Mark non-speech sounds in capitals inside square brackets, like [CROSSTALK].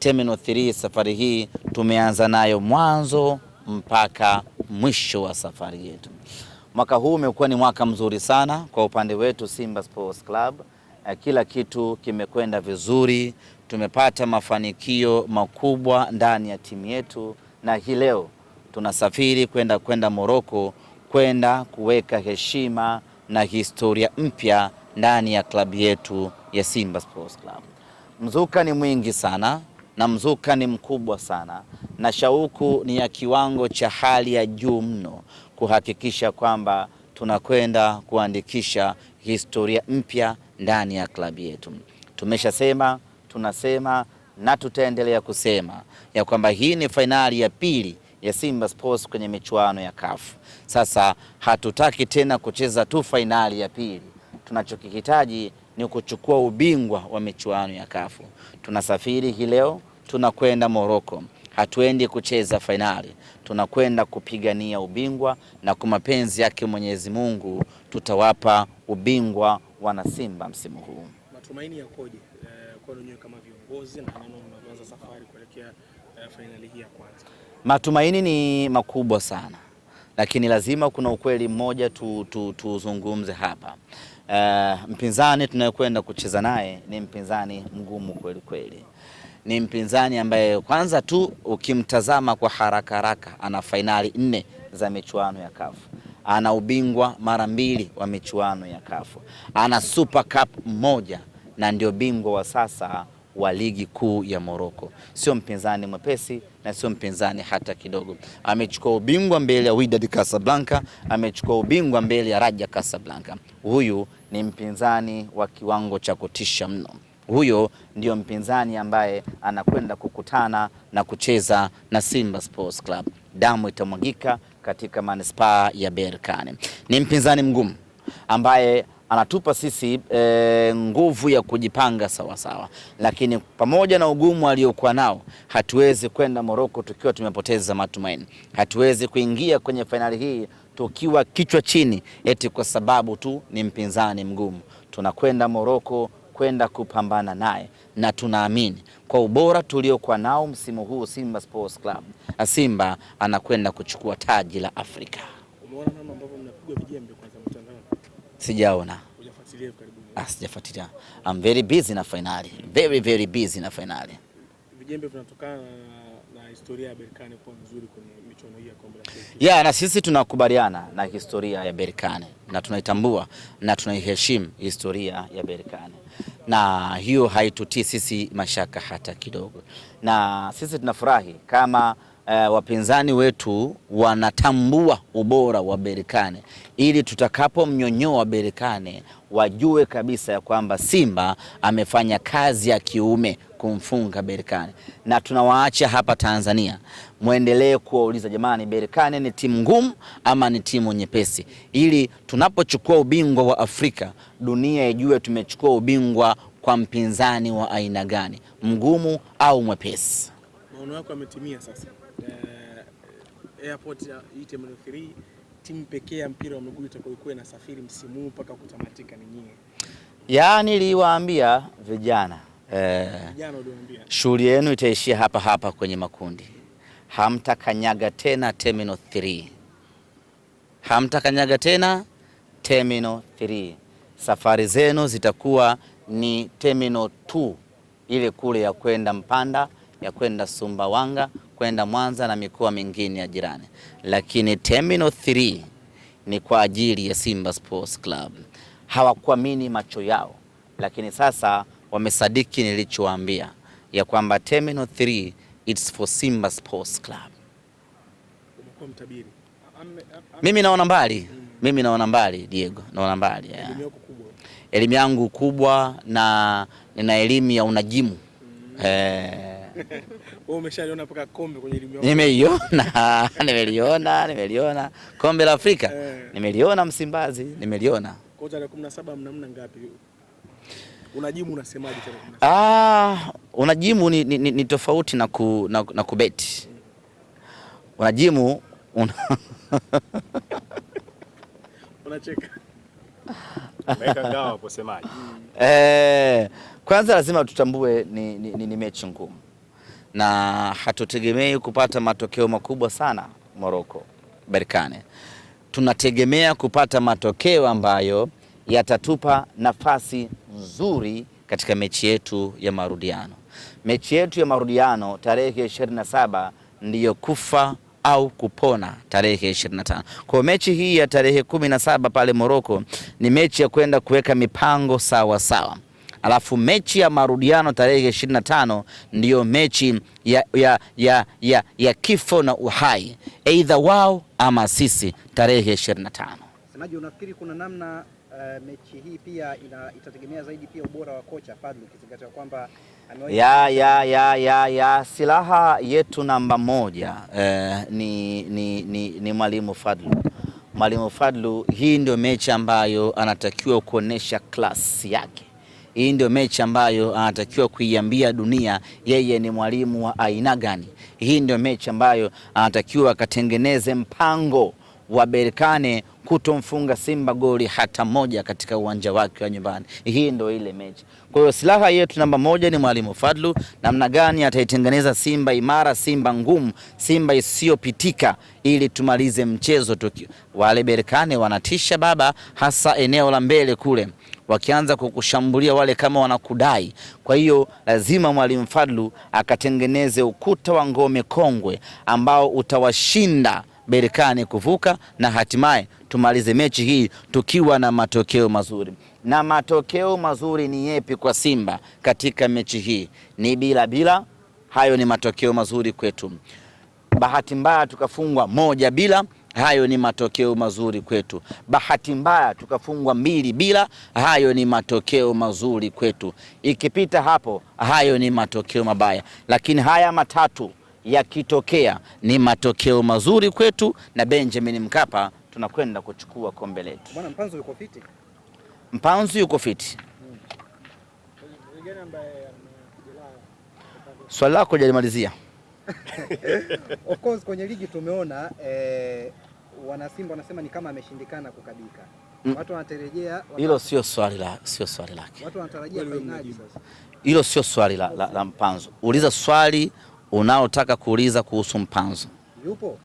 Terminal 3 safari hii tumeanza nayo mwanzo mpaka mwisho wa safari yetu. Mwaka huu umekuwa ni mwaka mzuri sana kwa upande wetu Simba Sports Club. Eh, kila kitu kimekwenda vizuri, tumepata mafanikio makubwa ndani ya timu yetu, na hii leo tunasafiri kwenda kwenda Moroko kwenda kuweka heshima na historia mpya ndani ya klabu yetu ya Simba Sports Club. Mzuka ni mwingi sana na mzuka ni mkubwa sana, na shauku ni ya kiwango cha hali ya juu mno kuhakikisha kwamba tunakwenda kuandikisha historia mpya ndani ya klabu yetu. Tumeshasema, tunasema na tutaendelea kusema ya kwamba hii ni fainali ya pili ya Simba Sports kwenye michuano ya CAF. Sasa hatutaki tena kucheza tu fainali ya pili, tunachokihitaji ni kuchukua ubingwa wa michuano ya Kafu. Tunasafiri hii leo, tunakwenda Moroko. Hatuendi kucheza fainali, tunakwenda kupigania ubingwa, na kwa mapenzi yake Mwenyezi Mungu tutawapa ubingwa wana Simba msimu huu. Matumaini yakoje eh, kama viongozi na mnaanza safari kuelekea eh, fainali hii ya kwanza? Matumaini ni makubwa sana, lakini lazima kuna ukweli mmoja tu, tu, hapa. Eh, mpinzani tunayekwenda kucheza naye ni mpinzani mgumu kweli kweli. Ni mpinzani ambaye kwanza tu ukimtazama kwa haraka haraka ana fainali nne za michuano ya kafu ana ubingwa mara mbili wa michuano ya kafu ana Super Cup moja na ndio bingwa wa sasa wa ligi kuu ya Morocco. Sio mpinzani mwepesi na sio mpinzani hata kidogo. Amechukua ubingwa mbele ya Wydad Casablanca, amechukua ubingwa mbele ya Raja Casablanca. Huyu ni mpinzani wa kiwango cha kutisha mno. Huyo ndio mpinzani ambaye anakwenda kukutana na kucheza na Simba Sports Club. Damu itamwagika katika manispaa ya Berkane. Ni mpinzani mgumu ambaye anatupa sisi e, nguvu ya kujipanga sawasawa sawa. Lakini pamoja na ugumu aliokuwa nao, hatuwezi kwenda Moroko tukiwa tumepoteza matumaini. Hatuwezi kuingia kwenye fainali hii tukiwa kichwa chini, eti kwa sababu tu ni mpinzani mgumu. Tunakwenda Moroko kwenda kupambana naye, na tunaamini kwa ubora tuliokuwa nao msimu huu Simba Sports Club, Simba anakwenda kuchukua taji la Afrika. Umeona namna ambavyo mnapiga vijembe kwanza mtandaoni? Sijaona. Hujafuatilia Ah, sijafuatilia. I'm very busy na finali. Very very busy na finali. Vijembe vinatokana historia ya Berkane kuwa nzuri kwenye michuano hii ya kombe la shirikisho. Yeah, na sisi tunakubaliana na historia ya Berkane na tunaitambua na tunaiheshimu historia ya Berkane, na hiyo haitutii sisi mashaka hata kidogo, na sisi tunafurahi kama Uh, wapinzani wetu wanatambua ubora wa Berkane ili tutakapomnyonyoa Berkane wajue kabisa ya kwamba Simba amefanya kazi ya kiume kumfunga Berkane, na tunawaacha hapa Tanzania, mwendelee kuwauliza jamani, Berkane ni timu ngumu ama ni timu nyepesi, ili tunapochukua ubingwa wa Afrika, dunia ijue tumechukua ubingwa kwa mpinzani wa aina gani, mgumu au mwepesi. Maono yako yametimia sasa. Uh, airport ya ETM3 timu pekee ya mpira wa miguu itakayokuwa inasafiri msimu huu mpaka kutamatika ni nyinyi. Yaani, niliwaambia vijana eh, shughuli yenu itaishia hapa hapa kwenye makundi. Hamtakanyaga tena terminal 3, hamtakanyaga tena terminal 3. Safari zenu zitakuwa ni terminal 2, ile kule ya kwenda Mpanda, ya kwenda Sumbawanga, kwenda Mwanza na mikoa mingine ya jirani, lakini terminal 3 ni kwa ajili ya Simba Sports Club. Hawakuamini macho yao, lakini sasa wamesadiki nilichowaambia ya kwamba Terminal 3 it's for Simba Sports Club. Mimi naona mbali mm. Mimi naona mbali Diego, naona mbali yeah. Elimu yangu kubwa na nina elimu ya unajimu mm. eh, [LAUGHS] nimeiona [LAUGHS] nimeliona nimeliona kombe la Afrika eh. Nimeliona Msimbazi, nimeliona. Kocha tarehe 17 mnamna ngapi? Unajimu unasemaje tena? Ah, unajimu ni, ni, ni tofauti na, ku, na, na kubeti. Unajimu una... [LAUGHS] unacheka. [LAUGHS] Eh, kwanza lazima tutambue ni, ni, ni, ni mechi ngumu na hatutegemei kupata matokeo makubwa sana Morocco Berkane. Tunategemea kupata matokeo ambayo yatatupa nafasi nzuri katika mechi yetu ya marudiano. Mechi yetu ya marudiano tarehe 27 ndiyo kufa au kupona tarehe 25. Kwa mechi hii ya tarehe 17 pale moroko ni mechi ya kwenda kuweka mipango sawa sawa. Alafu mechi ya marudiano tarehe 25 ndiyo mechi ya, ya, ya, ya, ya kifo na uhai, aidha wao ama sisi tarehe 25. Semaji, unafikiri kuna namna uh, mechi hii pia ina, itategemea zaidi pia ubora wa kocha Fadlu ukizingatia kwamba ya, ya, ya, ya, ya silaha yetu namba moja eh, ni, ni, ni, ni mwalimu Fadlu. Mwalimu Fadlu, hii ndio mechi ambayo anatakiwa kuonesha klasi yake. Hii ndio mechi ambayo anatakiwa kuiambia dunia yeye ni mwalimu wa aina gani. Hii ndio mechi ambayo anatakiwa akatengeneze mpango Berkane kutomfunga Simba goli hata moja katika uwanja wake wa nyumbani. Hii ndo ile mechi. Kwa hiyo silaha yetu namba moja ni mwalimu Fadlu, namna gani ataitengeneza Simba imara, Simba ngumu, Simba isiyopitika ili tumalize mchezo tukio Wale berkane wanatisha baba, hasa eneo la mbele kule, wakianza kukushambulia wale kama wanakudai. Kwa hiyo lazima mwalimu Fadlu akatengeneze ukuta wa ngome kongwe ambao utawashinda Berkane kuvuka na hatimaye tumalize mechi hii tukiwa na matokeo mazuri. Na matokeo mazuri ni yepi kwa Simba katika mechi hii? Ni bila bila, hayo ni matokeo mazuri kwetu. Bahati mbaya tukafungwa moja bila hayo ni matokeo mazuri kwetu. Bahati mbaya tukafungwa mbili bila, hayo ni matokeo mazuri kwetu. Ikipita hapo, hayo ni matokeo mabaya, lakini haya matatu yakitokea ni matokeo mazuri kwetu, na Benjamin Mkapa tunakwenda kuchukua kombe letu. Bwana Mpanzu yuko fiti, Mpanzu yuko fiti. Swali lako jalimalizia. [LAUGHS] Of course kwenye ligi tumeona eh, wana Simba wanasema ni kama ameshindikana kukabika. Mm. Watu wanatarajia hilo, wana... sio swali la sio swali lake. Watu wanatarajia fainali sasa. Hilo sio swali la, la, la Mpanzu. Uliza swali unaotaka kuuliza kuhusu mpanzo yupo?